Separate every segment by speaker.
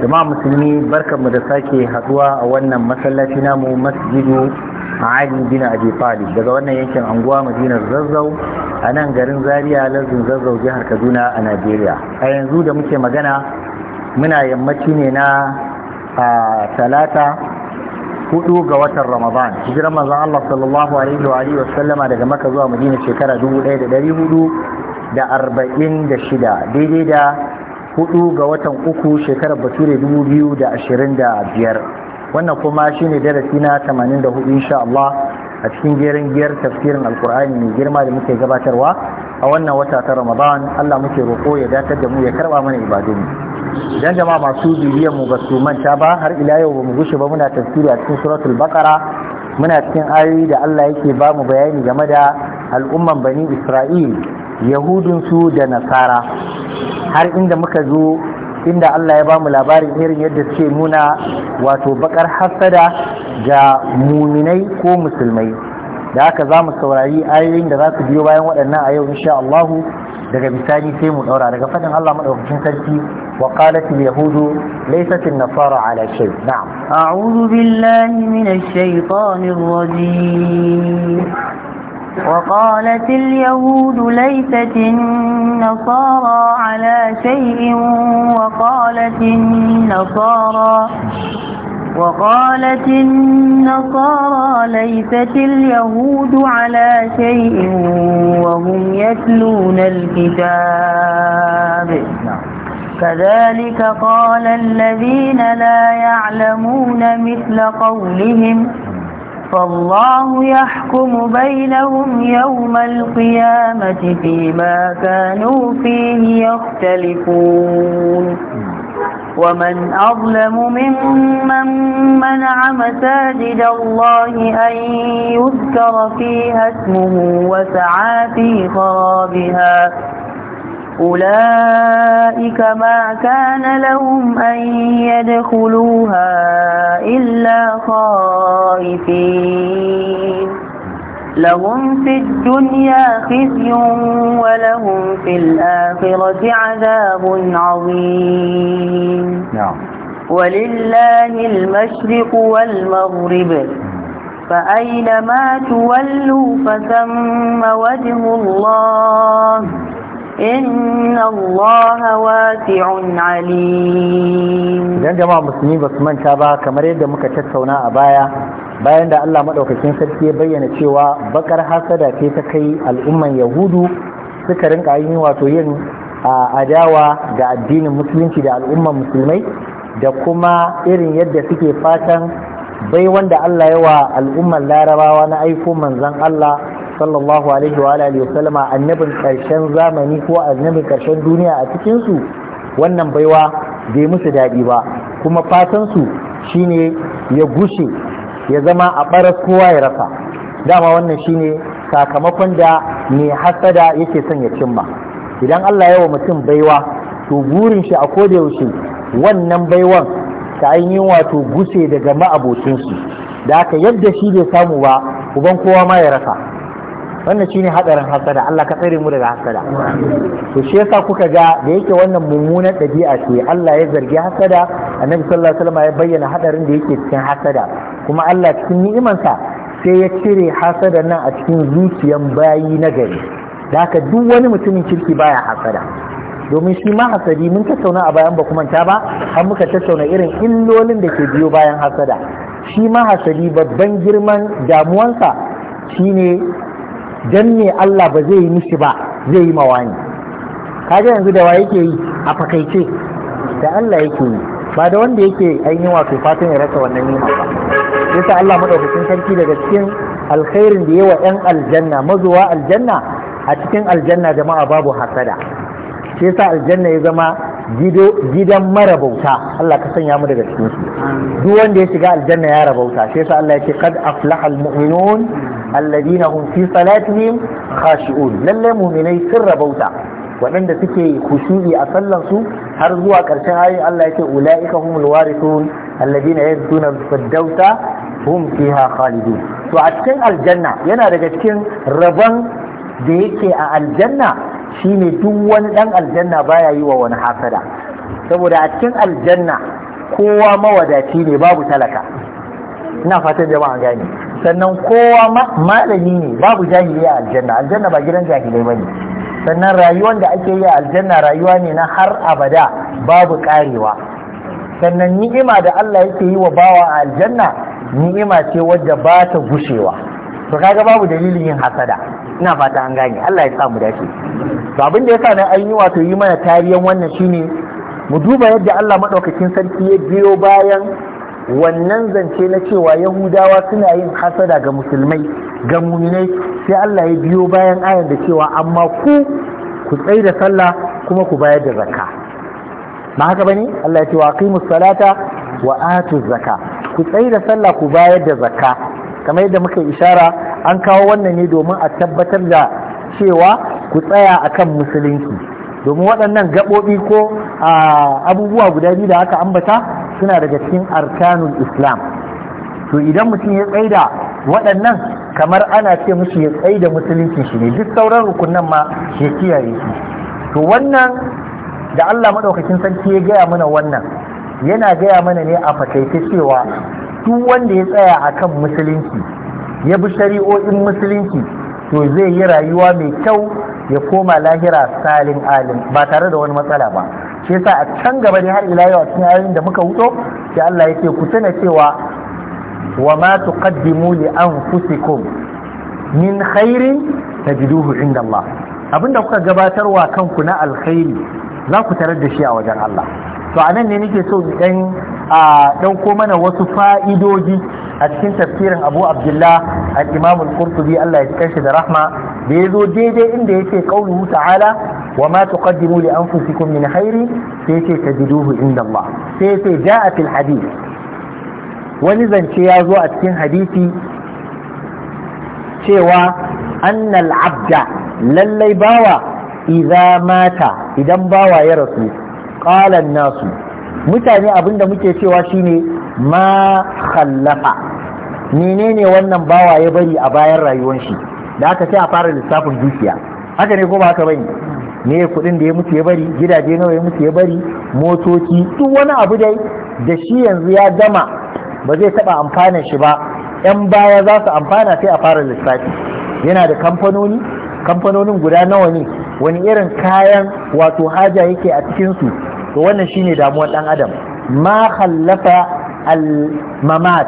Speaker 1: jama'a musulmi barkanmu da sake haduwa a wannan masallaci namu masjidu ajin gina a jefali daga wannan yankin anguwa madinar zazzau a nan garin zaria lardin zazzau jihar kaduna a najeriya a yanzu da muke magana muna yammaci ne na talata hudu ga watan ramadan hijirar manzon allah sallallahu alaihi wa alihi wasallama daga maka zuwa madina shekara dubu ɗaya da dari hudu da arba'in da shida daidai da hudu ga watan uku shekarar bature dubu biyu da ashirin da biyar wannan kuma shine darasi na tamanin da hudu insha Allah a cikin gerin giyar tafsirin alkur'ani mai girma da muke gabatarwa a wannan wata ta ramadan Allah muke roƙo ya datar da mu ya karɓa mana ibadun idan jama'a masu bibiyar mu ba su manta ba har ila yau ba mu gushe ba muna tafsiri a cikin suratul baqara muna cikin ayoyi da Allah yake ba mu bayani game da al'umman bani isra'il yahudun su da nasara har inda muka zo inda Allah ya ba mu labarin irin yadda ce muna wato bakar hassada ga muminai ko musulmai da haka za mu saurari ayoyin da za su biyo bayan waɗannan a yau insha Allah daga bisani sai mu ɗaura daga faɗin Allah maɗaukakin sarki wa qalat yahudu laysat an-nasara
Speaker 2: ala shay na'am a'udhu billahi minash shaitanir rajim وقالت اليهود ليست النصارى على شيء وقالت النصارى وقالت النصارى ليست اليهود على شيء وهم يتلون الكتاب كذلك قال الذين لا يعلمون مثل قولهم فالله يحكم بينهم يوم القيامة فيما كانوا فيه يختلفون ومن أظلم ممن منع مساجد الله أن يذكر فيها اسمه وسعى في خرابها أولئك ما كان لهم أن يدخلوها إلا خائفين لهم في الدنيا خزي ولهم في الآخرة عذاب عظيم نعم. ولله المشرق والمغرب فأينما تولوا فثم وجه الله إن dan jama'a musulmi
Speaker 1: ba su manta ba kamar yadda muka tattauna a baya bayan da Allah maɗaukakin sarki ya bayyana cewa bakar hasada ce ta kai al'umman yahudu suka rinka yin wato yin adawa ga addinin musulunci da al'umman musulmai da kuma irin yadda suke fatan bai wanda Allah yawa al'umman larabawa na aiko manzan Allah sallallahu alaihi wa alihi wa sallama annabin karshen zamani ko annabin karshen duniya a cikin su wannan baiwa bai musu daɗi ba kuma fatan su shine ya gushe ya zama a ɓaras kowa ya rasa dama wannan shine sakamakon da mai hasada yake son ya cimma idan Allah wa mutum baiwa to burin shi a koda yaushe wannan baiwan ta ainihin wato gushe daga ma'abocin su da aka yadda shi bai samu ba uban kowa ma ya rasa wannan shine hadarin hasada Allah ka tsare mu daga hasada to shi yasa kuka ga da yake wannan mummunan ɗabi'a ce Allah ya zargi hasada annabi sallallahu alaihi wasallam ya bayyana hadarin da yake cikin hasada kuma Allah cikin ni'imansa sai ya cire hasada nan a cikin zuciyan bayi na gari da haka duk wani mutumin kirki baya hasada domin shi ma hasadi mun tattauna a bayan ba kuma ta ba har muka tattauna irin illolin da ke biyo bayan hasada shi ma hasadi babban girman damuwansa shine dan me Allah ba zai yi mishi ba zai yi mawani kaga yanzu da wa yake yi a fakaice da Allah yake yi ba da wanda yake ainihin wato fatan ya rasa wannan nima ba yasa Allah madaukakin sarki daga cikin alkhairin da wa yan aljanna mazuwa aljanna a cikin aljanna jama'a babu hasada shi yasa aljanna ya zama gidan mara bauta Allah ka sanya mu daga cikin su duk wanda ya shiga aljanna ya rabauta sai sa Allah yake kad aflaha almu'minun alladhina hum fi salatihim khashi'un lalle mu'minai sun rabauta waɗanda suke kushuri a sallan su har zuwa ƙarshen ayi Allah yake ulaika humul warithun alladhina yaduna firdausa hum fiha khalidun to a cikin aljanna yana daga cikin rabon da yake a aljanna shine duk wani ɗan aljanna baya yi wa wani hasada saboda a cikin aljanna kowa mawadaci ne babu talaka ina fatan jama'a gane sannan kowa malami ne babu jahili a aljanna aljanna ba gidan jahilai ne, sannan rayuwar da ake yi a aljanna rayuwa ne na har abada babu karewa sannan ni'ima da Allah yake yi wa bawa a aljanna ni'ima ce wadda ba ta gushewa to kaga babu dalilin yin hasada ina fata an gane Allah ya sa mu dace to abin da yasa nan an yi wato yi mana tariyan wannan shine mu duba yadda Allah madaukakin sarki ya biyo bayan wannan zance na cewa Yahudawa suna yin hasada ga musulmai ga muminai sai Allah ya biyo bayan ayan da cewa amma ku ku tsaye da sallah kuma ku bayar da zakka ba haka bane Allah ya ce wa aqimus salata wa atuz zakka ku tsaye da sallah ku bayar da zakka kamar yadda muka ishara an kawo wannan ne domin a tabbatar da cewa ku tsaya akan musulunci domin waɗannan gaɓoɓi ko abubuwa guda biyu da aka ambata suna daga cikin arkanul islam to idan mutum ya tsaida waɗannan kamar ana ce mushi ya tsaida musulunci shi ne duk sauran rukunan ma ya kiyaye shi to wannan da Allah madaukakin sarki ya gaya mana wannan yana gaya mana ne a fakaita cewa duk wanda ya tsaya akan musulunci ya bi shari'o'in musulunci to zai yi rayuwa mai kyau ya koma lahira salin alim ba tare da wani matsala ba shi yasa a can gaba ne har ila yau cikin ayoyin da muka wuto sai Allah yake ku tana cewa wa ma tuqaddimu li anfusikum min khairin tajiduhu inda Allah abinda kuka gabatarwa kanku na alkhairi za ku tarar da shi a wajen Allah to anan ne nake so in a ɗauko mana wasu fa'idoji a cikin tafsirin abu abdullah al-imam al-qurtubi Allah ya kashi da rahma da ya zo daidai inda yake qauluhu ta'ala wa ma tuqaddimu li anfusikum min khairi sai ce tajiduhu inda Allah sai yace ja'a fil hadith wani zance ya zo a cikin hadisi cewa annal abda lallai bawa idza mata idan bawa ya rasu qala nasu mutane abinda muke cewa shine ma khallafa menene wannan bawa ya bari a bayan rayuwar shi da aka sai a fara lissafin dukiya haka ne ko ba haka bane ne kudin da ya mutu ya bari gidaje nawa ya mutu ya bari motoci duk wani abu dai da shi yanzu ya gama ba zai taba amfana shi ba yan baya za su amfana sai a fara lissafi yana da kamfanoni kamfanonin guda nawa ne wani irin kayan wato haja yake a cikin su to wannan shine damuwar dan adam ma khallafa al mamat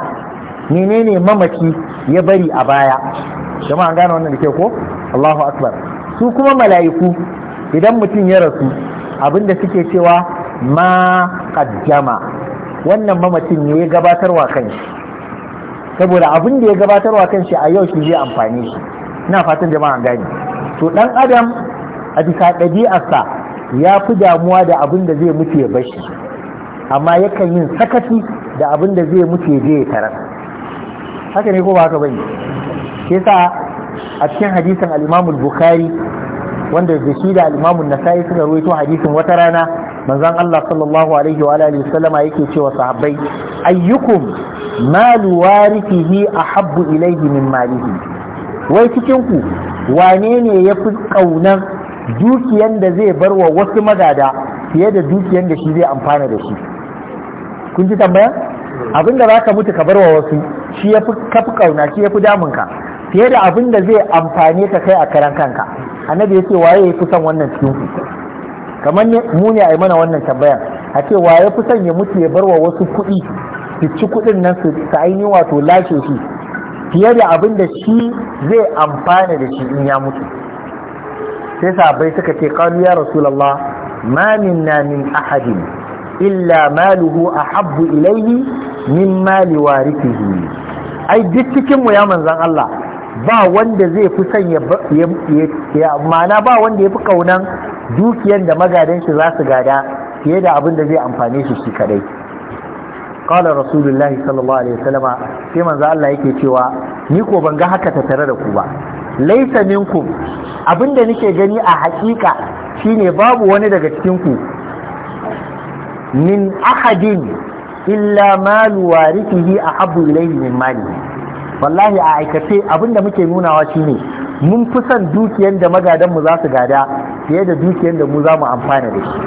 Speaker 1: menene mamaki ya bari a baya Jama'an gane wannan da ke ko Allahu akbar su kuma mala'iku idan mutum ya rasu abinda suke cewa ma qaddama wannan mamacin ne ya gabatarwa kanshi saboda abin da ya gabatarwa kanshi a yau shi zai amfani shi ina fatan jama'a gane to dan adam a bisa ɗabi'arsa ya fi damuwa da abin da zai mutu ya bashi amma yakan yin sakaci da abin da zai mutu ya je ya tarar haka ne ko ba haka bane ke sa a cikin hadisin al-Imam bukhari wanda da shi da al-Imam an-Nasa'i suka rawaito hadisin wata rana manzon Allah sallallahu alaihi wa alihi sallama yake cewa sahabbai ayyukum malu warithihi ahabbu ilayhi min malihi wai cikin ku wane ne yafi ƙaunar? dukiyan da zai bar wa wasu magada fiye da dukiyan da shi zai amfana da shi kun ji tambaya abin da ka mutu ka bar wa wasu shi yafi kafi kauna shi yafi damun ka fiye da abin da zai amfane ka kai a karan kanka annabi ce waye ya fi son wannan cikin ku kamar mu ne a yi mana wannan tambayan. a ce waye son ya mutu ya bar wa wasu kuɗi su ci kuɗin nan su ta ainihin wato lashe shi fiye da abin da shi zai amfana da shi in ya mutu sai sabai suka ce qalu ya rasulullah ma minna min ahadin illa maluhu ahabbu ilayhi min mali warithihi ai duk cikin mu ya manzon Allah ba wanda zai fi son ya ma'ana ba wanda ya fi kaunan dukiyar da magadan shi za su gada fiye da abin da zai amfane shi shi kadai qala rasulullahi sallallahu alaihi wasallama sai manzan Allah yake cewa ni ko ban ga haka ta tare da ku ba laisa minku abinda nake gani a hakika shine babu wani daga cikin ku min ahadin illa malu warithihi ahabbu ilayhi min mali wallahi a aikace abinda muke nunawa shine mun fi son dukiyar da magadan mu za su gada fiye da dukiyar da mu za mu amfana da shi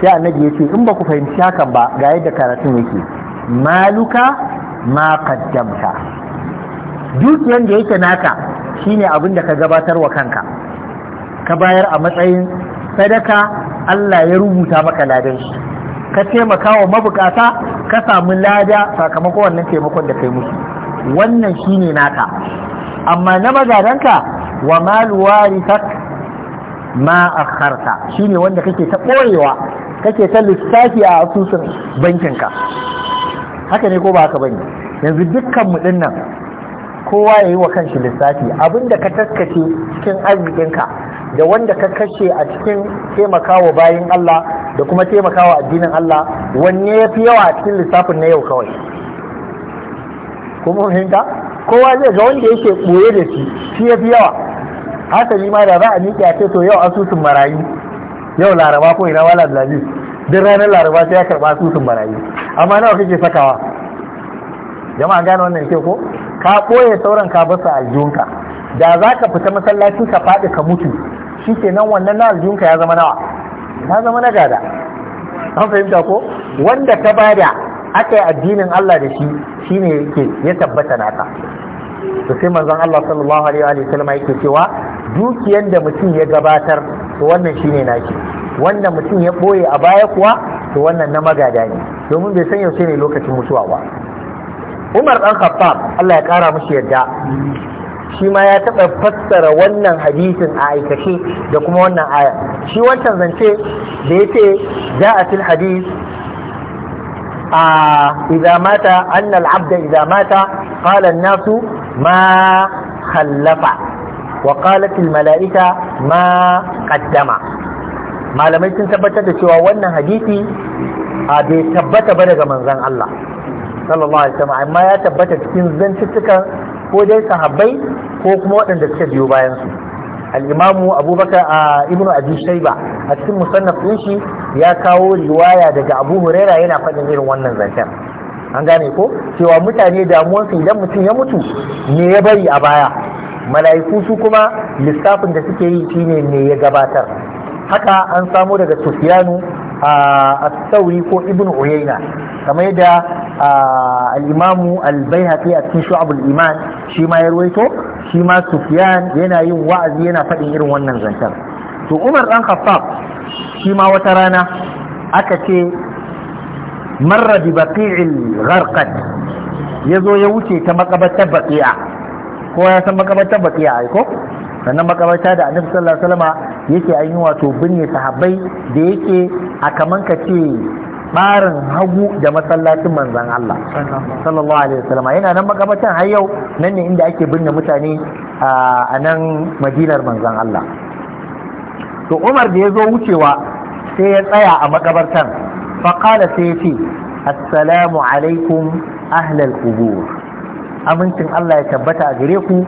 Speaker 1: sai annabi ya ce in ba ku fahimci hakan ba ga yadda karatun yake maluka ma qaddamta dukiyar da yake naka shine abin da ka gabatar wa kanka ka bayar a matsayin sadaka Allah ya rubuta maka ladan shi ka taimaka wa mabukata ka samu lada sakamakon wannan taimakon da kai musu wannan shine naka amma na magadanka wa mal warithak ma akharta shine wanda kake ta koyewa kake ta lissafi a asusun bankinka haka ne ko ba haka bane yanzu dukkan mu dinnan kowa ya yi wa kanshi lissafi abin da ka taskace cikin arzikinka da wanda ka kashe a cikin taimakawa bayan Allah da kuma taimakawa addinin Allah wanne ya fi yawa a cikin lissafin na yau kawai kuma fahimta kowa zai ga wanda yake ɓoye da shi shi ya fi yawa haka ma da za a miƙe a ce to yau asusun marayu yau laraba ko ina wala abdulaziz duk ranar laraba sai ya karɓa asusun marayu amma nawa kake sakawa jama'a gane wannan ke ko ka ɓoye sauran ka basa aljihunka da za ka fita masallaci ka faɗi ka mutu shi ke nan wannan na aljihunka ya zama nawa ya zama na gada an fahimta ko wanda ta bada aka yi addinin Allah da shi ne yake ya tabbata naka da sai manzon Allah sallallahu alaihi wa sallam yake cewa dukiyar da mutum ya gabatar to wannan shine naki wanda mutum ya ɓoye a baya kuwa to wannan na magada ne domin bai san yaushe ne lokacin mutuwa ba Umar ɗan Khattab Allah ya ƙara mushi yadda shi ma ya taɓa fassara wannan hadisin a aikace da kuma wannan aya shi wancan zance da ya ce ja'atil hadis a idza mata abda idza mata nasu ma khallafa wa qalat malaika ma ƙaddama. malamai sun tabbatar da cewa wannan hadisi a bai tabbata ba daga manzon Allah sallallahu alaihi wasallam amma ya tabbata cikin zantuttukan ko dai sahabbai ko kuma waɗanda suka biyo bayan su al-imamu abubakar a ibnu abi shayba a cikin musannaf din shi ya kawo riwaya daga abu huraira yana faɗin irin wannan zancen an gane ko cewa mutane damuwansu idan mutum ya mutu me ya bari a baya mala'iku su kuma lissafin da suke yi shine me ya gabatar haka an samu daga sufyanu A sauri ko ibn uyayna kamar yadda al'imamu imamu al a cikin shu'abul iman shi ma ya sufyan yana yin wa'azi yana faɗin irin wannan zancen to umar ɗan khattab shima wata rana aka ce marra bi baqi'il gharqad yazo ya wuce ta makabartar baqi'a ko ya san makabartar baqi'a ai ko sannan makabarta da annabi sallallahu alaihi wasallama yake an yi wato binne sahabbai da yake a kaman ka ce barin hagu da masallacin manzan Allah sallallahu alaihi wasallama yana nan makabartan har yau nan ne inda ake binne mutane a nan madinar manzon Allah to Umar da ya zo wucewa sai ya tsaya a makabartan qala sai ya ce assalamu alaikum ahlal qubur amincin Allah ya tabbata a gare ku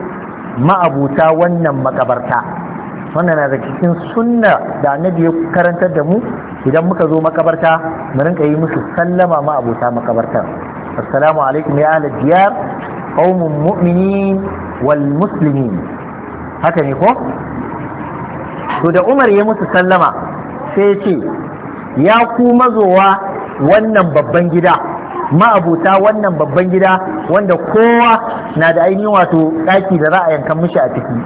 Speaker 1: ma'abuta wannan makabarta wannan na da cikin sunna da annabi ya karantar da mu idan muka zo makabarta mu rinka yi musu sallama ma'abuta makabartar assalamu alaikum ya ahli diyar qaumun mu'minin wal muslimin haka ne ko to da Umar ya musu sallama sai ya ce ya ku mazowa wannan babban gida ma'abuta wannan babban gida wanda kowa na da ainihin wato ɗaki da za a yankan mishi a ciki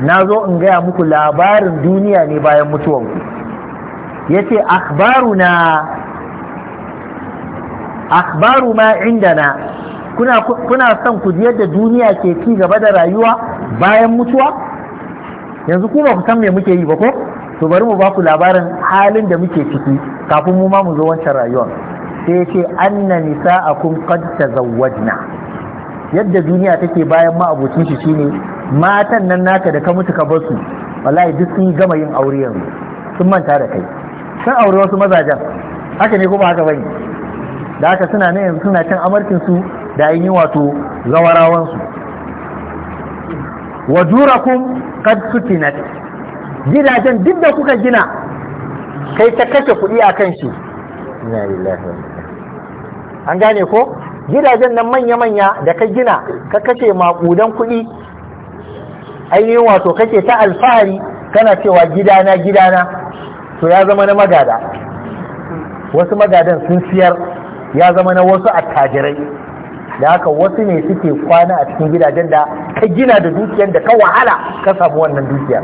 Speaker 1: na zo in gaya muku labarin duniya ne bayan mutuwanku ya ce akhbaruna akhbaru ma indana kuna kuna son ku yadda duniya ke ci gaba da rayuwa bayan mutuwa yanzu kuma ku san me muke yi ba ko to bari mu ba ku labarin halin da muke ciki kafin mu ma mu zo wancan rayuwar sai ce anna nisa'akum qad tazawwajna yadda duniya take bayan ma'abocin shi shine matan nan naka da ka mutu ka basu wallahi duk sun gama yin aure yanzu sun manta da kai sun aure wasu mazajen haka ne kuma haka bane da haka suna nan yanzu suna cin amarkin su da yin wato zawarawan su wajurakum qad sutinat gidajen duk da kuka gina kai ta kashe kuɗi a kan shi an gane ko gidajen nan manya-manya da ka gina ka kashe makudan kuɗi ainihin wato kake ta alfahari kana cewa gidana gidana to ya zama na magada wasu magadan sun siyar ya zama na wasu attajirai da haka wasu ne suke kwana a cikin gidajen da ka gina da dukiyar da ka wahala ka samu wannan dukiyar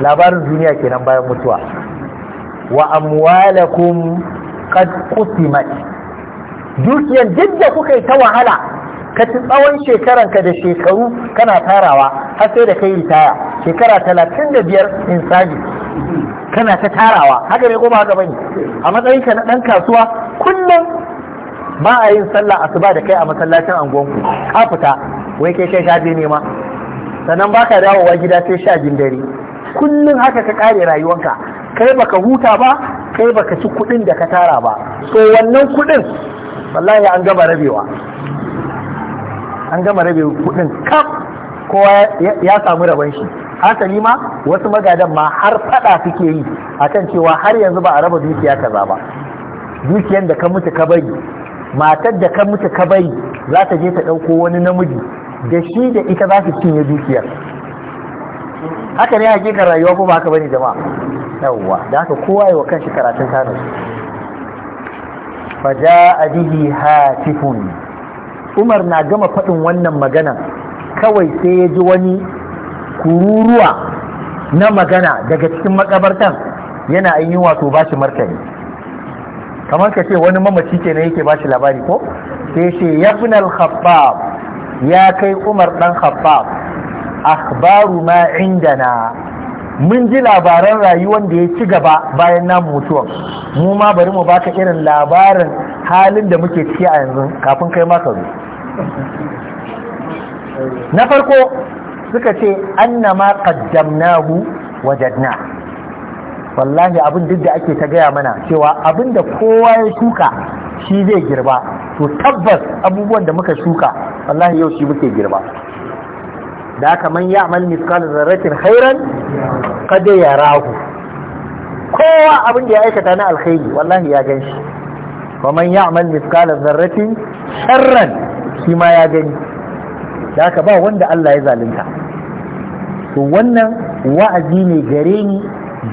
Speaker 1: labarin duniya kenan bayan mutuwa wa amwalakum qad qusimat dukiyar duk da kuka yi ta wahala ka ci tsawon shekaran ka da shekaru kana tarawa har sai da kai ritaya shekara talatin da biyar in sabi kana ta tarawa haka ne goma haka bane a matsayinka na ɗan kasuwa kullum ba a yin sallah asuba da kai a masallacin angon ka fita wai kai kai shaje ne ma sannan baka dawowa gida sai sha jin dare kullum haka ka kare rayuwanka kai baka huta ba kai baka ci kuɗin da ka tara ba so wannan kuɗin wallahi an gama rabewa an gama rabe kudin kaf kowa ya samu rabon shi hasali ma wasu magadan ma har fada suke yi akan cewa har yanzu ba a raba dukiya kaza ba dukiyar da ka mutu ka bari matar da ka mutu ka bari za ta je ta ɗauko wani namiji da shi da ita za su cinye dukiyar haka ne hakikar rayuwa ko ba haka bane jama'a yawwa da haka kowa yi wa kanshi karatun tanu faja adihi hatifun umar na gama faɗin wannan magana kawai sai ya ji wani kururuwa na magana daga cikin makabartan yana ainihin wato bashi martani kamar ka ce wani mamaci ke na yake bashi labari ko sai ce ya khabbab ya kai umar dan khabbab akhbaru ma na. mun ji labaran rayuwar da ya ci gaba bayan namu mutuwar mu ma bari mu baka irin labarin halin da muke ciki a yanzu kafin kai maka zo na farko suka ce annama qaddamnahu wajadna wallahi abin duk da ake ta gaya mana cewa abin da kowa ya shuka shi zai girba to tabbas abubuwan da muka shuka wallahi yau shi muke girba da kaman man ya'mal mithqal dharratin khairan qad yarahu kowa abin da ya aikata na alkhairi wallahi ya gan wa man ya'mal mithqal dharratin sharran shi ma ya gani da haka ba wanda Allah ya zalunta to wannan wa'azi ne gare ni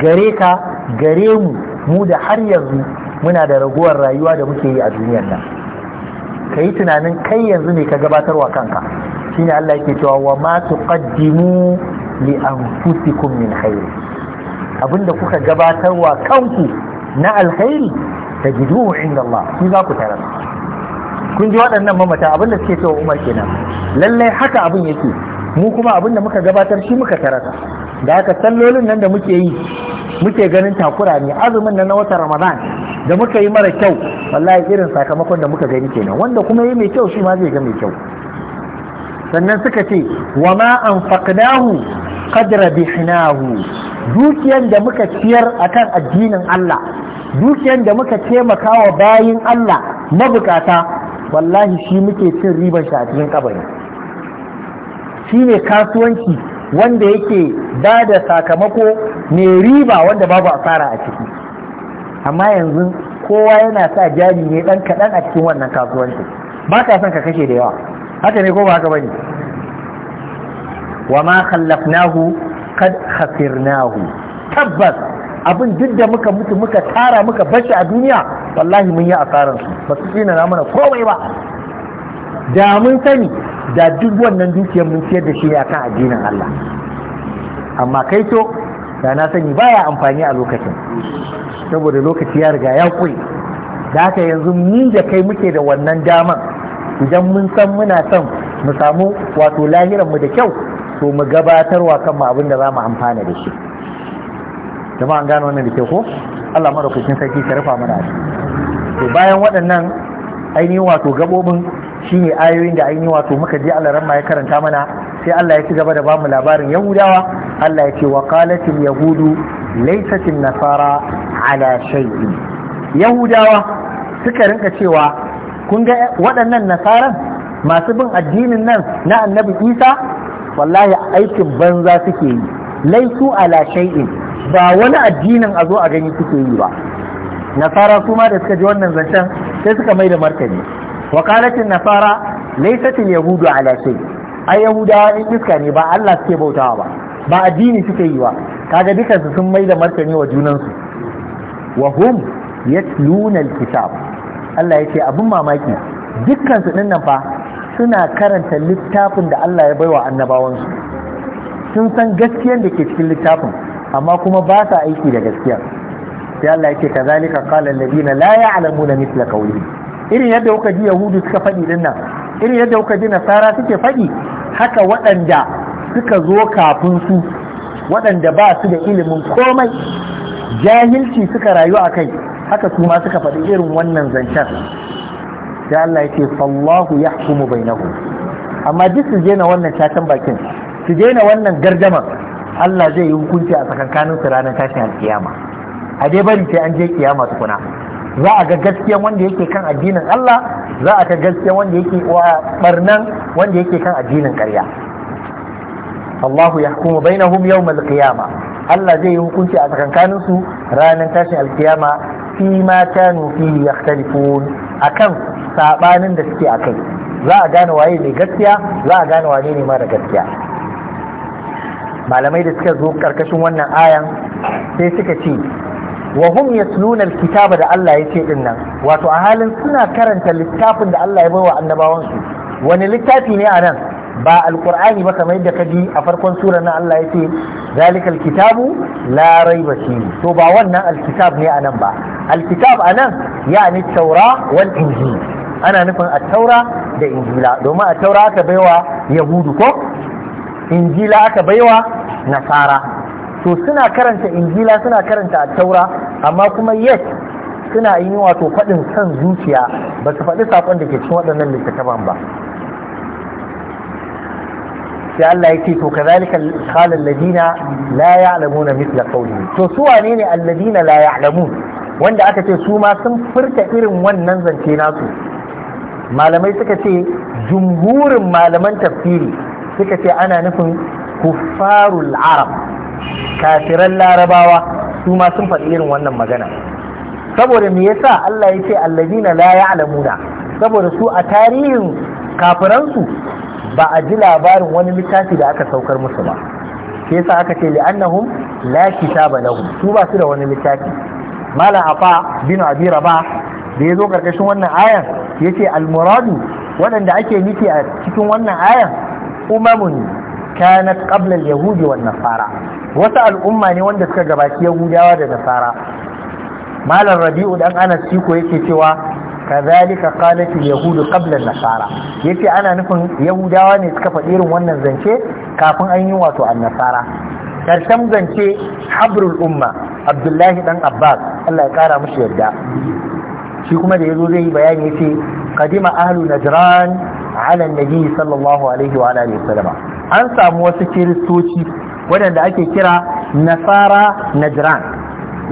Speaker 1: gare ka gare mu mu da har yanzu muna da raguwar rayuwa da muke yi a duniyar nan ka yi tunanin kai yanzu ne ka gabatarwa kanka shine Allah yake cewa wa ma tuqaddimu li anfusikum min khair abinda kuka gabatarwa kanku na alkhairi tajiduhu inda Allah shi za ku tarar kun ji waɗannan mamata abinda suke cewa Umar kenan lallai haka abin yake mu kuma abinda muka gabatar shi muka tarasa da haka sallolin nan da muke yi muke ganin takura ne azumin nan na watan Ramadan da muka yi mara kyau wallahi irin sakamakon da muka gani kenan wanda kuma yi mai kyau shi ma zai ga mai kyau sannan suka ce wa ma anfaqnahu kadra bihinahu. dukiyan da muka ciyar a kan addinin Allah dukiyan da muka taimaka wa bayin Allah mabukata wallahi shi muke cin riban shi a cikin kabari shi ne kasuwanci wanda yake ba da sakamako mai riba wanda babu asara a ciki amma yanzu kowa yana sa jari ne dan kaɗan a cikin wannan kasuwancin ba ka son ka kashe da yawa haka ne ko ba haka bane wa ma khallafnahu kad khasirnahu tabbas abin duk da muka mutu muka tara muka bashi a duniya wallahi mun yi asaran su ba su tsina na mana komai ba da mun sani da duk wannan dukiyar mun ciyar da shi ne akan addinin Allah amma kai to da na sani baya amfani a lokacin saboda lokaci ya riga ya kure da haka yanzu ni da kai muke da wannan daman idan mun san muna son mu samu wato lahiran mu da kyau to mu gabatarwa kan mu abin da za mu amfana da shi jama'a an gano wannan da ke ko Allah madaukakin sarki ka rufa mana to bayan waɗannan ainihin wato gabobin shine ayoyin da ainihin wato muka je Allah ramma ya karanta mana sai Allah ya ci gaba da ba mu labarin Yahudawa Allah ya ce wa qalatil yahudu laysatil nasara ala shay'in Yahudawa suka rinka cewa kun ga waɗannan nasaran masu bin addinin nan na annabi isa wallahi aikin banza suke yi laisu ala shay'in ba wani addinin a zo a gani suke yi ba nasara kuma da suka ji wannan zancen sai suka mai da martani wakalatin nasara laisatin yahudu ala shay ai yahudawa in iska ne ba Allah suke bautawa ba ba addini suke yi ba kaga dukansu sun mai da martani wa junansu wa hum yatluna alkitab Allah ya ce abin mamaki dukkan su dinnan fa suna karanta littafin da Allah ya baiwa annabawansu sun san gaskiyar da ke cikin littafin amma kuma ba sa aiki da gaskiya sai Allah ya ce kazalika qala alladina la ya'lamuna mithla qawli irin yadda kuka ji yahudu suka faɗi dinnan irin yadda kuka ji nasara suke faɗi haka waɗanda suka zo kafin su waɗanda ba su da ilimin komai jahilci suka rayu a kai haka su ma suka faɗi irin wannan zancen da Allah yake ya yahkumu bainahu. amma duk su jena wannan cakan bakin su jena wannan gardama Allah zai yi hukunci a tsakankanin su ranar tashin alkiyama a dai bari sai an je kiyama tukuna za a ga gaskiyan wanda yake kan addinin Allah za a ga gaskiyan wanda yake barnan wanda yake kan addinin ƙarya Allahu ya hukumu bainahum yawm al Allah zai yi hukunci a tsakankanin su ranar tashin alkiyama fi ma kanu fi yakhtalifun akan saɓanin da suke akai za a gane waye mai gaskiya za a gane waye ne mara gaskiya malamai da suka zo karkashin wannan ayan sai suka ce wa hum yasluna alkitaba da Allah yake din nan wato a halin suna karanta littafin da Allah ya bai wa annabawansu wani littafi ne a nan ba alkur'ani ba kamar yadda kaji a farkon sura na Allah ya ce zalikal kitabu la raiba fihi to ba wannan alkitab ne anan ba alkitab anan ni taura wal injil ana nufin a taura da injila domin a taura aka baiwa yahudu ko injila aka baiwa nasara to suna karanta injila suna karanta a taura amma kuma yes suna yi wato faɗin son zuciya ba su faɗi saƙon da ke cikin waɗannan littattafan ba sai Allah ya ce to kazalika qala alladina la ya'lamuna mithla qawli to su wane ne alladina la ya'lamun wanda aka ce su ma sun furta irin wannan zance nasu malamai suka ce jumhurin malaman tafsiri suka ce ana nufin kuffarul arab kafiran larabawa su ma sun faɗi irin wannan magana saboda me yasa Allah ya ce alladina la ya'lamuna saboda su a tarihin kafiransu ba a ji labarin wani littafi da aka saukar musu ba Ke sa aka ce li'annahum la kitaba lahum su ba su da wani littafi malam afa bin abi ba. da ya zo karkashin wannan ayan yace al-muradu waɗanda ake nufi a cikin wannan ayan umamun kanat qabla al-yahudi wan nasara wata al'umma ne wanda suka gabaci yahudawa da nasara malam rabi'u dan anas shi ko yake cewa kazalika qalat Yahudu yahud qabla an-nasara yace ana nufin yahudawa ne suka faɗi irin wannan zance kafin an yi wato an-nasara karshen zance habrul umma abdullahi dan abbas Allah ya kara mushi yadda shi kuma da yazo zai yi bayani yace qadima ahlu najran ala an-nabi sallallahu alaihi wa alihi wasallam an samu wasu kiristoci waɗanda ake kira nasara najran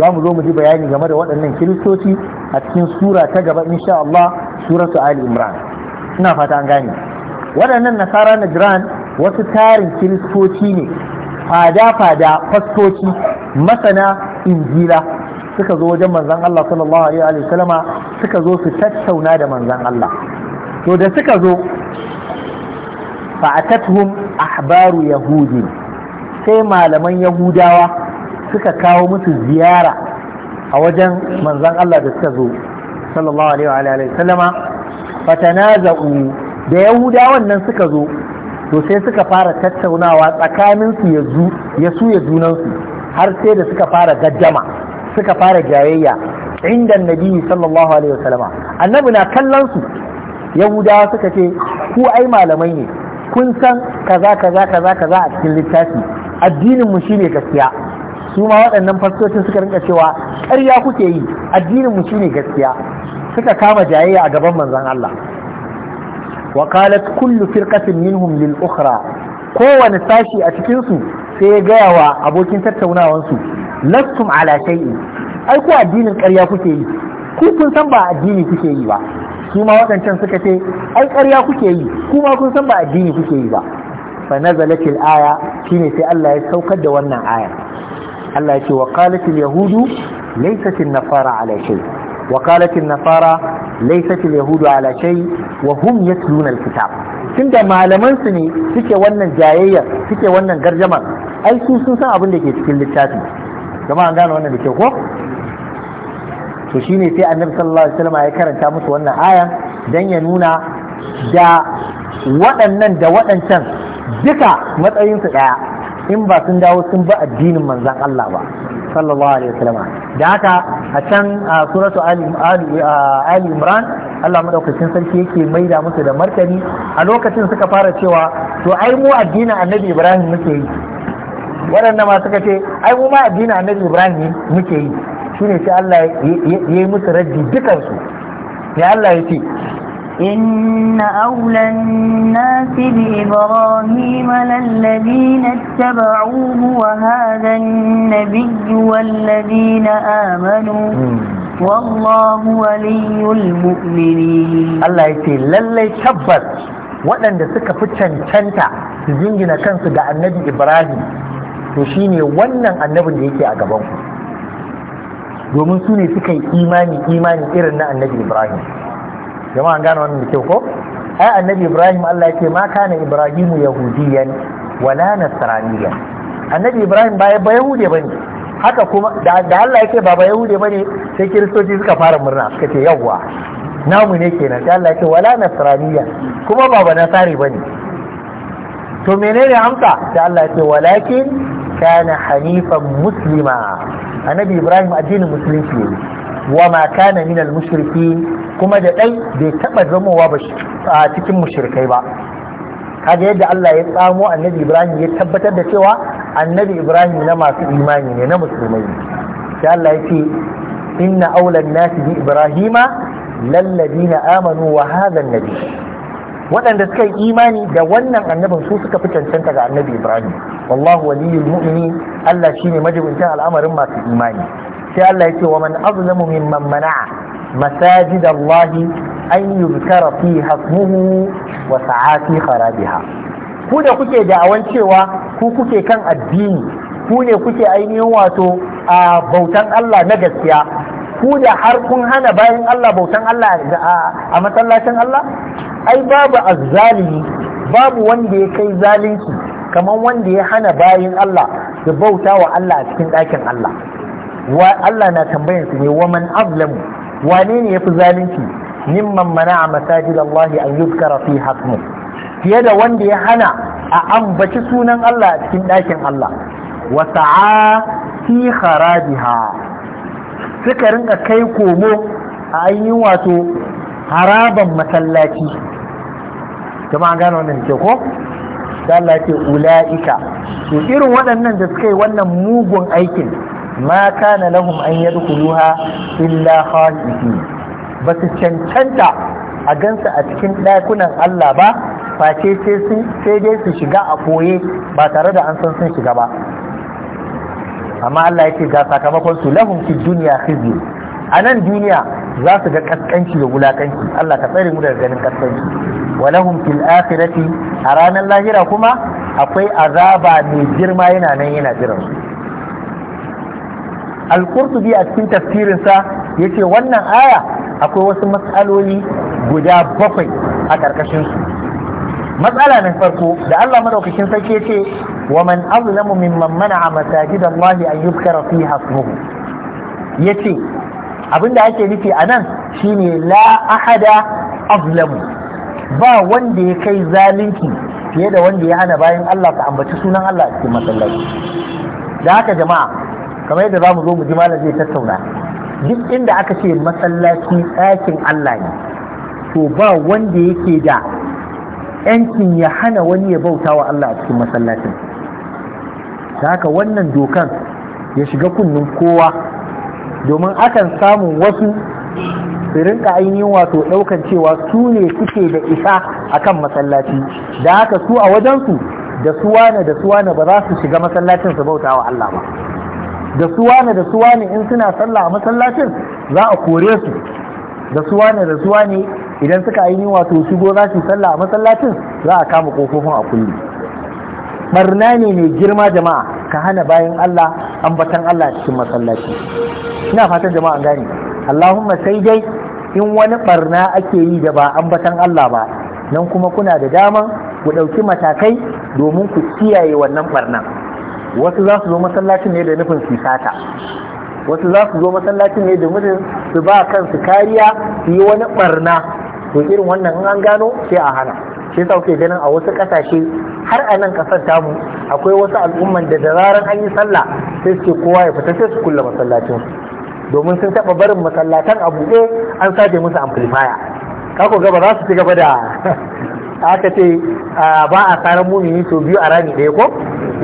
Speaker 1: za mu zo mu ji bayani game da waɗannan kiristoci a cikin sura ta gaba insha Allah suratu Ali Imran ina fata an gane waɗannan nasara na jiran wasu tarin kiristoci ne fada-fada fastoci masana injila suka zo wajen manzan Allah sallallahu alaihi wa sallama suka zo su tattauna da manzan Allah to da suka zo fa'atathum ahbaru yahudi sai malaman yahudawa suka kawo musu ziyara a wajen manzan Allah da suka zo sallallahu alaihi wa sallama fatanaza'u da yahudawan nan suka zo to sai suka fara tattaunawa tsakaninsu ya su ya junansu har sai da suka fara gaddama suka fara jayayya inda nabi sallallahu alaihi wasallama annabi na kallon su yahudawa suka ce ku ai malamai ne kun san kaza kaza kaza kaza a cikin littafi addinin mu shine gaskiya su ma waɗannan fastocin suka rinka cewa ƙarya kuke yi addinin mu shine gaskiya suka kama jayayya a gaban manzon Allah wa qalat kullu firqatin minhum lil ukhra kowane sashi a cikin su sai ya gaya wa abokin tattaunawar su lastum ala shay'in ai ku addinin ƙarya kuke yi ku kun san ba addini kuke yi ba su ma waɗancan suka ce ai ƙarya kuke yi kuma kun san ba addini kuke yi ba fa nazalat al aya shine sai Allah ya saukar da wannan aya Allah ya ce wa yahudu laysat na nasara ala wa qalatil nasara yahudu ala wa hum yatluna al-kitab tunda malamansu ne suke wannan jayayya suke wannan garjamar, ai su sun san abin da ke cikin littafi jama'a an gano wannan da ke ko to shine sai annabi sallallahu alaihi wasallam ya karanta musu wannan aya dan ya nuna da waɗannan da waɗancan duka matsayinsu ɗaya in ba sun dawo sun bi addinin manzan Allah ba sallallahu alaihi wasallam da haka a can a suratu ali imran Allah madaukakin sarki yake maida musu da martani a lokacin suka fara cewa to ai mu addinin annabi ibrahim muke yi waɗanda ma suka ce ai mu ma addinin annabi ibrahim muke yi shine sai Allah ya yi musu raddi dukansu ya Allah ya ce
Speaker 2: إن أولى الناس بإبراهيم للذين اتبعوه وهذا النبي والذين آمنوا والله ولي المؤمنين الله يتي
Speaker 1: للي شبت waɗanda suka fi cancanta su jingina kansu ga annabi ibrahim to shine wannan annabin da yake a gabanku domin su ne suka yi imani imani irin na annabi ibrahim jama'a an gane wannan da kyau ko ai annabi ibrahim Allah ya ce ma kana ibrahimu yahudiyan wala nasraniyan annabi ibrahim ba ba yahude bane haka kuma da Allah ya ce ba ba yahude bane sai kiristoci suka fara murna suka ce yawwa namu ne kenan sai Allah ya ce wala nasraniya kuma ba ba nasari bane to menene amsa sai Allah ya ce walakin kana hanifan muslima annabi ibrahim addinin musulunci ne wa ma kana minal mushriki kuma da ɗai bai taba zamowa ba a cikin mushrikai ba kaga yadda Allah ya tsamo annabi Ibrahim ya tabbatar da cewa annabi Ibrahim na masu imani ne na musulmai sai Allah ya ce inna aulan nasi bi Ibrahima lalladina amanu wa hadha nabi waɗanda suka yi imani da wannan annabin su suka fi cancanta ga annabi Ibrahim wallahu waliyul mu'mini Allah shine majibinta al'amarin masu imani sai Allah ya ce wa man azlamu mimman mana'a masajid Allah an yuzkara fi hasmuhu wa sa'ati kharabiha ku da kuke da'awan cewa ku kuke kan addini ku ne kuke ainihin wato a bautan Allah na gaskiya ku da har kun hana bayan Allah bautan Allah a masallacin Allah ai babu azzalimi babu wanda ya kai zalunci kamar wanda ya hana bayan Allah da bauta wa Allah a cikin ɗakin Allah wa Allah na tambayan su ne wa man azlamu wane ne yafi zalunci mimman mana'a masajid Allah an yuzkara fi hasmu fiye da wanda ya hana a ambaci sunan Allah a cikin ɗakin Allah wa sa'a fi kharabiha suka rinka kai komo a ainihin wato haraban masallaci an gano wannan ke ko da Allah ce ula'ika to irin waɗannan da suka yi wannan mugun aikin ma kana lahum an yadkhuluha illa khaifin ba su cancanta a gansa a cikin ɗakunan Allah ba face sai dai su shiga a koye ba tare da an san sun shiga ba amma Allah ya ce ga sakamakon su lahum fi duniya khizyu a nan duniya za su ga kaskanci da wulakanci Allah ka tsare mu daga ganin kaskanci wa lahum fil akhirati a ranar lahira kuma akwai azaba mai girma yana nan yana jiran su alkurtubi a cikin tafsirinsa ce wannan aya akwai wasu matsaloli guda bakwai a ƙarƙashinsu. matsala na farko da Allah madaukakin sarki yace wa man azlamu mimman mana'a masajid Allah an yuzkara fiha ismuhu yace abinda ake nufi a nan shine la ahada azlamu ba wanda ya kai zalunci fiye da wanda ya hana bayan Allah ka ambaci sunan Allah a cikin masallaci da haka jama'a kamar yadda mu zo mu ji malam zai tattauna duk inda aka ce masallaci ɗakin Allah ne to ba wanda yake da yankin ya hana wani ya bauta wa Allah a cikin masallacin ta haka wannan dokan ya shiga kunnen kowa domin akan samu wasu su rinka ainihin wato ɗaukan cewa su ne suke da isa akan masallaci da haka su a wajensu da suwana da suwana ba za su shiga masallacin su bauta wa Allah ba da suwane da suwane in suna sallah a masallacin za a kore su da suwane da suwane idan suka yi wato shigo za su sallah a masallacin za a kama kofofin a kulli barna ne mai girma jama'a ka hana bayan Allah ambatan Allah cikin masallaci ina fatan jama'a gane Allahumma sai dai in wani barna ake yi da ba ambatan Allah ba nan kuma kuna da dama ku ɗauki matakai domin ku kiyaye wannan barnan wasu za su zo masallacin ne da nufin su sata wasu za su zo masallacin ne da nufin su ba kansu kariya su yi wani barna to irin wannan an gano sai a hana shi sa kuke ganin a wasu kasashe har a nan kasar tamu akwai wasu al'umman da da an yi sallah sai suke kowa ya fita sai su kulle masallacin domin sun taba barin masallatan a buɗe an sace musu amplifier kako gaba za su ci gaba da aka ce ba a tsarin mumini to biyu a rani ɗaya ko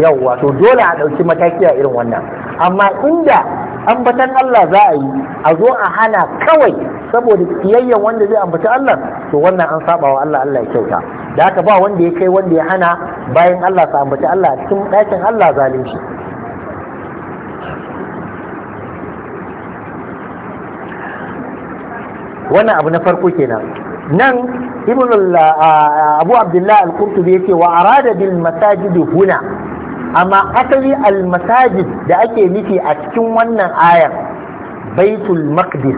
Speaker 1: yawwa to dole a ɗauki mataki a irin wannan amma inda ambatan Allah za a yi a zo a hana kawai saboda kiyayyen wanda zai ambaci Allah to wannan an saba wa Allah Allah ya kyauta da haka ba wanda ya kai wanda ya hana bayan Allah su ambaci Allah a cikin ɗakin Allah zalunci wannan abu na farko kenan nan ibn ah, abu abdullahi al-qurtubi yake wa arada bil masajid huna amma asali almasajid da ake nufi a cikin wannan ayar baitul maqdis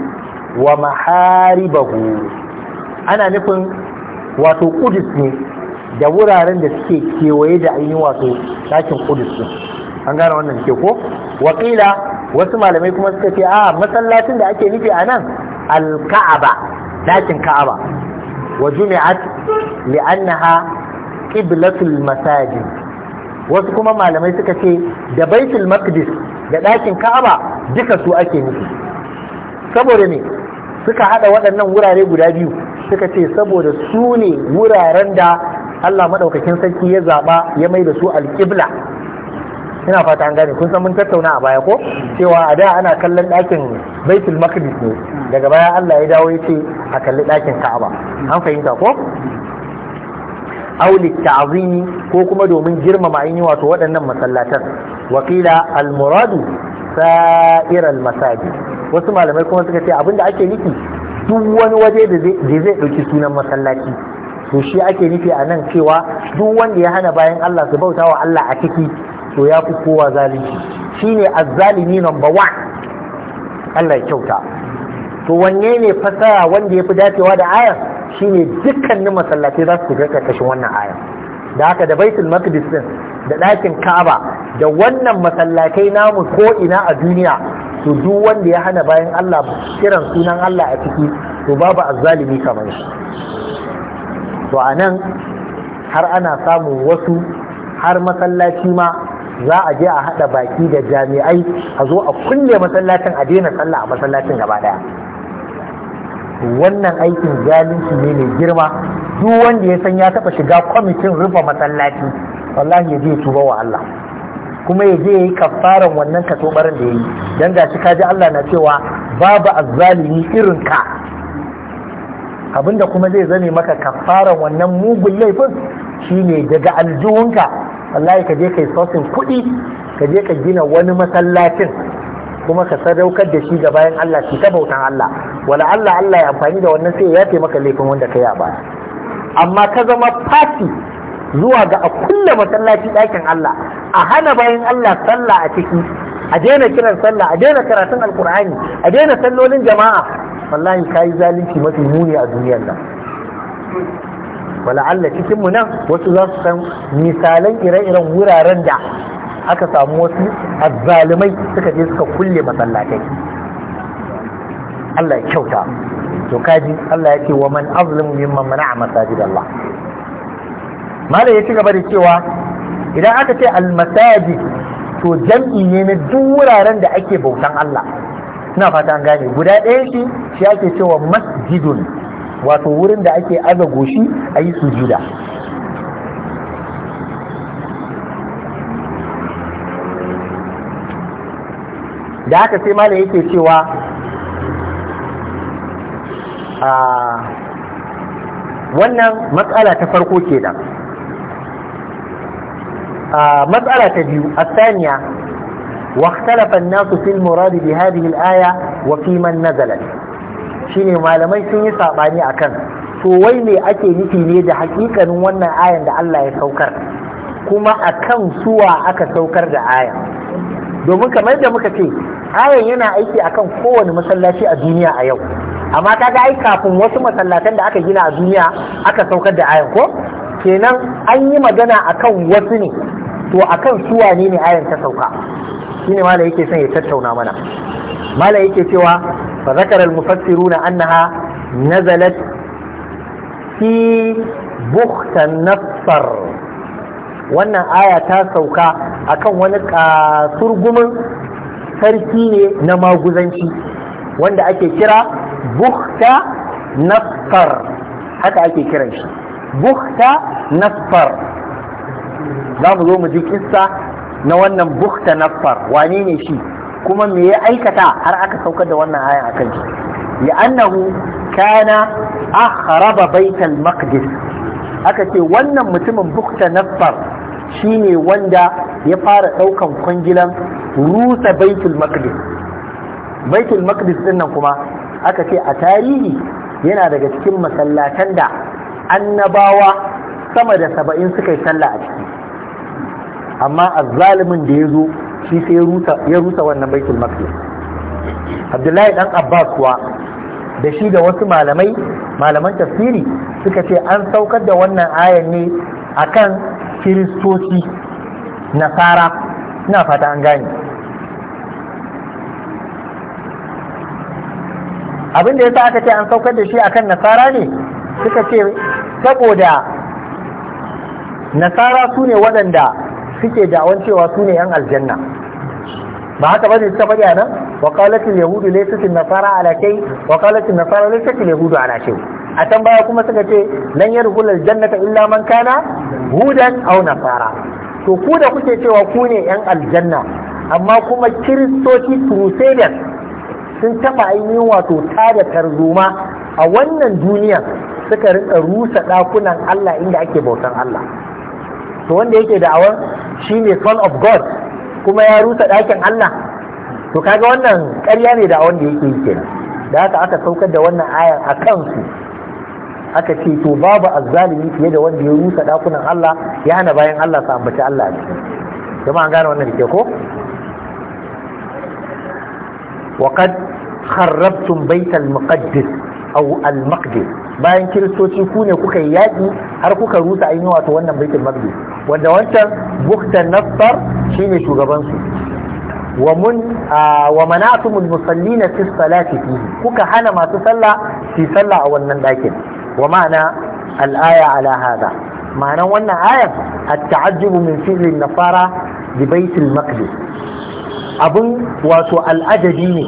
Speaker 1: wa maharibahu ana nufin wato kudus ne da wuraren da suke kewaye da ainihin wato ɗakin kudus ne. an gane wannan ke ko wakila wasu malamai kuma suka ce a masallacin da ake nufi a nan alka'aba ɗakin ka'aba wa jumi'at li'annaha qiblatul masajid wasu kuma malamai suka ce da baitul maqdis da ɗakin ka'aba duka su ake nufi saboda ne suka hada waɗannan wurare guda biyu suka ce saboda su ne wuraren da Allah maɗaukakin sarki ya zaɓa ya mai da su alƙibla ina fata an gane kun san mun tattauna a baya ko cewa a da ana kallon ɗakin baitul maqdis ne daga baya Allah ya dawo ya ce a kalli ɗakin ka'aba an fahimta ko auli ta'zimi ko kuma domin girmama ainihin wato waɗannan masallatan wakila al-muradu sa'ir al-masajid wasu malamai kuma suka ce abinda ake nufi duk wani waje da zai ɗauki sunan masallaci to shi ake nufi a nan cewa duk wanda ya hana bayan Allah su bauta wa Allah a ciki to ya fi kowa zalunci shine azzalimi number one Allah ya kyauta to wanne ne fasara wanda ya fi dacewa da ayar shine dukkanin masallatai za su shiga karkashin wannan aya da haka da baitul maqdis din da ɗakin ka'aba da wannan masallatai namu ko ina a duniya to duk wanda ya hana bayan Allah kiran sunan Allah a ciki to babu azzalimi kamar shi to anan har ana samun wasu har masallaci ma za a je a haɗa baki da jami'ai a zo a kulle masallacin a daina sallah a masallacin gaba daya wannan aikin zalunci ne mai girma duk wanda ya san ya taɓa shiga kwamitin rufe masallaci wallahi ya je tuba wa Allah kuma ya je yi kafaran wannan kaso barin da yayi dan gashi kaji Allah na cewa babu azzalimi irin ka abinda kuma zai zame maka kafaran wannan mugun laifin shine daga aljuhunka wallahi ka je kai sosin kuɗi ka je ka gina wani masallacin kuma ka sadaukar da shi ga bayan Allah ki ta bautan Allah wala Allah Allah ya amfani da wannan sai ya taimaka laifin wanda kai a baya amma ka zama fati zuwa ga a kulle masallaci ɗakin Allah a hana bayan Allah sallah a ciki a daina kiran sallah a daina karatun alkur'ani a daina sallolin jama'a wallahi kayi zalunci mafi muni a duniyar nan wala Allah cikin mu nan wasu za su san misalan ire-iren wuraren da aka samu wasu azzalumai suka je suka kulle masallatai Allah ya kyauta to kaji Allah ya ce wa man azlimu mimman mana'a masajid Allah malai ya ci gaba da cewa idan aka ce al masajid to jam'i ne na duk wuraren da ake bautan Allah ina fata an gane guda ɗaya shi shi ake cewa masjidun wato wurin da ake aza goshi a yi sujuda da aka sai malai yake cewa a wannan matsala ta farko kenan da. matsala ta biyu a saniya واختلف الناس في المراد aya الآية وفي من نزلت shine malamai sun yi a akan to wai me ake nufi ne da hakikanin wannan ayan da Allah ya saukar kuma akan suwa aka saukar da ayan domin kamar da muka ce ayan yana aiki akan kowane masallaci a duniya a yau amma ta ga ai kafin wasu masallatan da aka gina a duniya aka saukar da ayan ko kenan an yi magana akan wasu ne to akan su wane ne ayan ta sauka shine malai yake son ya tattauna mana malai yake cewa fa zakara al mufassiruna annaha nazalat fi bukhtan nafsar wannan aya ta sauka akan wani kasurgumin sarki ne na maguzanci wanda ake kira Bukta nasfar haka ake kiran shi bukta nasfar za mu zo mu ji kissa na wannan bukta nasfar wane ne shi kuma me ya aikata har aka saukar da wannan ayan akan shi li'annahu kana akhraba baital maqdis aka ce wannan mutumin bukta nasfar shine wanda ya fara ɗaukan kwangilan rusa baitul maqdis baitul maqdis din nan kuma aka ce a tarihi yana daga cikin masallatan da annabawa sama da saba'in suka yi sallah a ciki amma azzalimin da ya zo shi sai ya rusa wannan baitul maqdis abdullahi dan abbas kuwa da shi da wasu malamai malaman tafsiri suka ce an saukar da wannan ayan ne akan kiristoci nasara ina fata an gane abin da yasa aka ce an saukar da shi akan nasara ne suka ce saboda nasara su ne waɗanda suke da'awan cewa su ne 'yan aljanna ba haka ba ne suka faɗi a nan wa qalatil yahudu laysat nasara ala shay wa qalatil nasara laysat yahudu ala shay a can baya kuma suka ce lan yarhul aljannata illa man kana hudan au nasara to ku da kuke cewa ku ne 'yan aljanna amma kuma kiristoci crusaders sun taɓa ainihin wato ta da tarzoma a wannan duniya suka rinka rusa ɗakunan Allah inda ake bautan Allah to wanda yake da'awar shi ne son of God kuma ya rusa ɗakin Allah to kaga wannan ƙarya ne da yake yake yi da haka aka saukar da wannan ayar a kansu aka ce to babu azzalimi fiye da wanda ya rusa ɗakunan Allah ya hana bayan Allah su ambaci Allah a cikin jama'a an gane wannan da ke ko وقد خربتم بيت المقدس أو المقدس bayan kiristoci ku ne kuka yi yaƙi har kuka rusa ainihin wato wannan baitul maqdis wanda wancan bukta nasar shine shugaban su wa mun wa manatumul musallina fi salati fihi kuka hana masu sallah su sallah a wannan ɗakin wa ma'ana al-aya ala hada ma'anan wannan ayar at-ta'ajjubu min fili nafara bi baitul maqdis abin wato al'adadi ne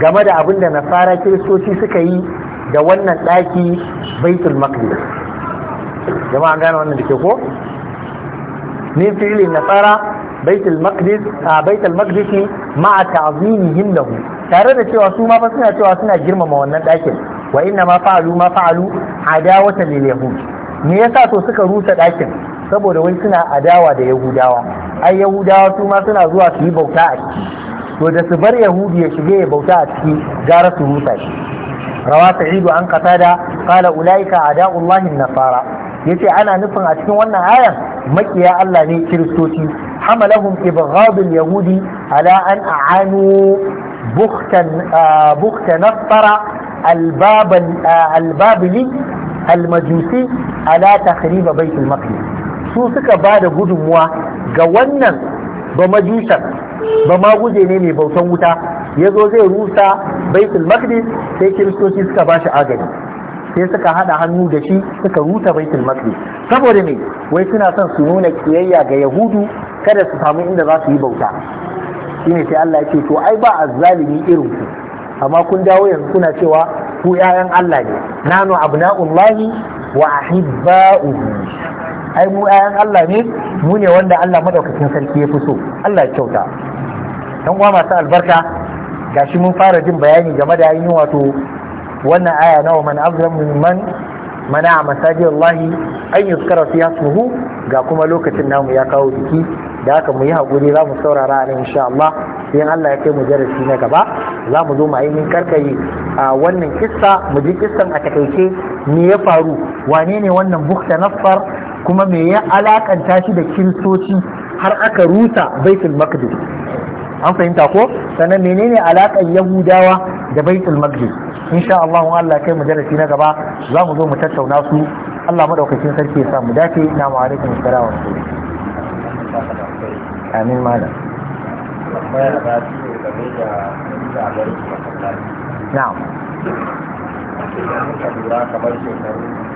Speaker 1: game da abin da nasara kiristoci suka yi da wannan ɗaki baitul maqdis an gane wannan da ke ko min filin nasara baitul maqdis a baitul maqdis ma'a ta'zimihim lahu tare da cewa su ma fa suna cewa suna girmama wannan ɗakin wa inna ma fa'alu ma fa'alu adawatan lil yahud me yasa to suka rusa ɗakin saboda wai suna adawa da yahudawa ai yahudawa su ma suna zuwa su yi bauta a ciki to da su bar yahudi ya shige ya bauta a ciki gara su rusa shi rawa sa'idu an da qala ulaika ada'ullahi nasara yace ana nufin a cikin wannan ayan makiya Allah ne kiristoci hamalahum ibghadul yahudi ala an a'anu bukhtan bukhtan nasara الباب البابلي المجوسي على تخريب بيت المقدس su suka ba da gudunmuwa ga wannan ba majisar ba maguje ne mai bautan wuta ya zo zai rusa baitul maqdis sai kiristoci suka ba shi agaji sai suka hada hannu da shi suka rusa baitul maqdis saboda me wai suna son su nuna kiyayya ga yahudu kada su samu inda za su yi bauta shine sai Allah ya ce to ai ba azzalimi irin ku amma kun dawo yanzu kuna cewa ku 'ya'yan Allah ne nanu abna'ullahi wa ahibba'uhu ai mu ayan Allah ne mu ne wanda Allah madaukakin sarki ya fi so Allah kyauta dan uwa masu albarka gashi mun fara jin bayani game da yin wato wannan aya nawa man min man mana masajid Allah an yuzkara fi asmuhu ga kuma lokacin namu ya kawo jiki da haka muyi yi za mu saurara nan insha Allah sai Allah ya kai mu darasi na gaba za mu zo mu ainihin karkayi a wannan kissa mu ji kissan a takaice me ya faru wane ne wannan bukta nafar kuma me ya alakanta shi da kiristoci har aka rusa baitul maqdis an fahimta ko sannan menene alakan yahudawa da baitul maqdis insha Allah Allah kai mu darasi na gaba za mu zo mu tattauna su Allah madaukakin sarki ya samu dace, sa mu dace assalamu alaikum wa rahmatullahi amin malam na'am kamar shekaru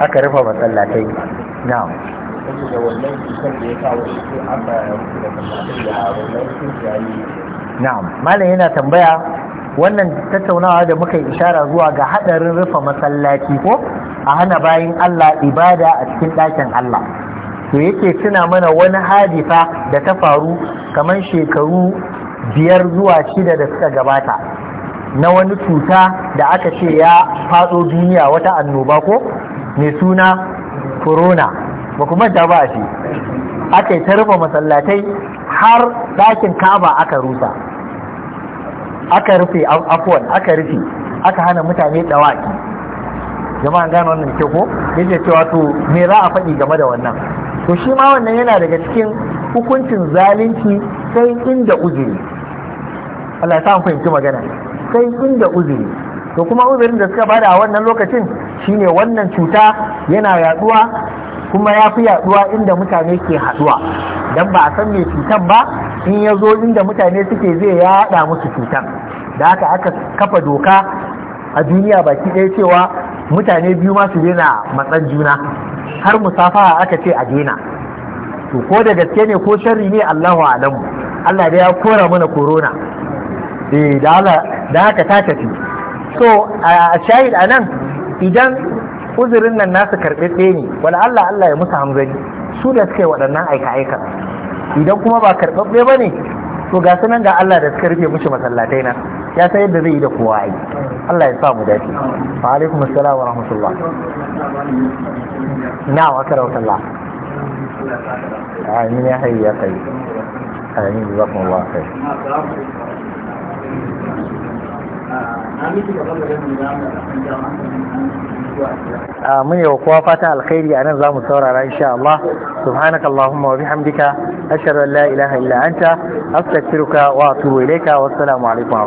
Speaker 1: aka rufe wannan cutar da malam yana tambaya wannan tattaunawa da muka ishara zuwa ga hadarin rufe masallaci ko a hana bayan Allah ibada a cikin ɗakin Allah to yake tuna mana wani hadifa da ta faru kamar shekaru biyar zuwa shida da suka gabata na wani cuta da aka ce ya faɗo duniya wata annoba ko mai suna corona ba kuma da ba shi aka yi ta rufe masallatai har ɗakin kaba aka rusa aka rufe afuwan aka rufe aka hana mutane ɗawaki jama'an gano wannan ke ko yake cewa to me za a faɗi game da wannan to shi ma wannan yana daga cikin hukuncin zalunci sai inda uzuri Allah ya sa fahimci magana sai inda uzuri to kuma uzurin da suka bada a wannan lokacin shine wannan cuta yana yaduwa kuma ya fi yaduwa inda mutane ke haduwa dan ba a san me cutan ba in ya zo inda mutane suke zai yada musu cutan da haka aka kafa doka a duniya baki ɗaya cewa mutane biyu masu su daina matsan juna har musafaha aka ce a daina to ko da gaske ne ko sharri ne Allahu alamu Allah da ya kora mana Corona. Eh, da haka ta tafi so a shahid anan idan uzurin nan nasu karɓe ne wani Allah Allah ya musu hamzari su da suka yi waɗannan aika-aika idan kuma ba karɓaɓɓe ba ne to ga sunan ga Allah da suka rufe mushi masallatai na ya san yadda zai yi da kowa yi Allah ya sa mu dace wa alaikum assalam wa rahmatullah na wa karautallah
Speaker 2: amin ya hayya kai
Speaker 1: amin jazakumullahu khair mun yi wa kowa fatan alkhairi a nan za mu saurara insha Allah subhanaka Allahumma wa bihamdika ashhadu an la la'anta illa anta wa atubu ilayka wa assalamu alaikum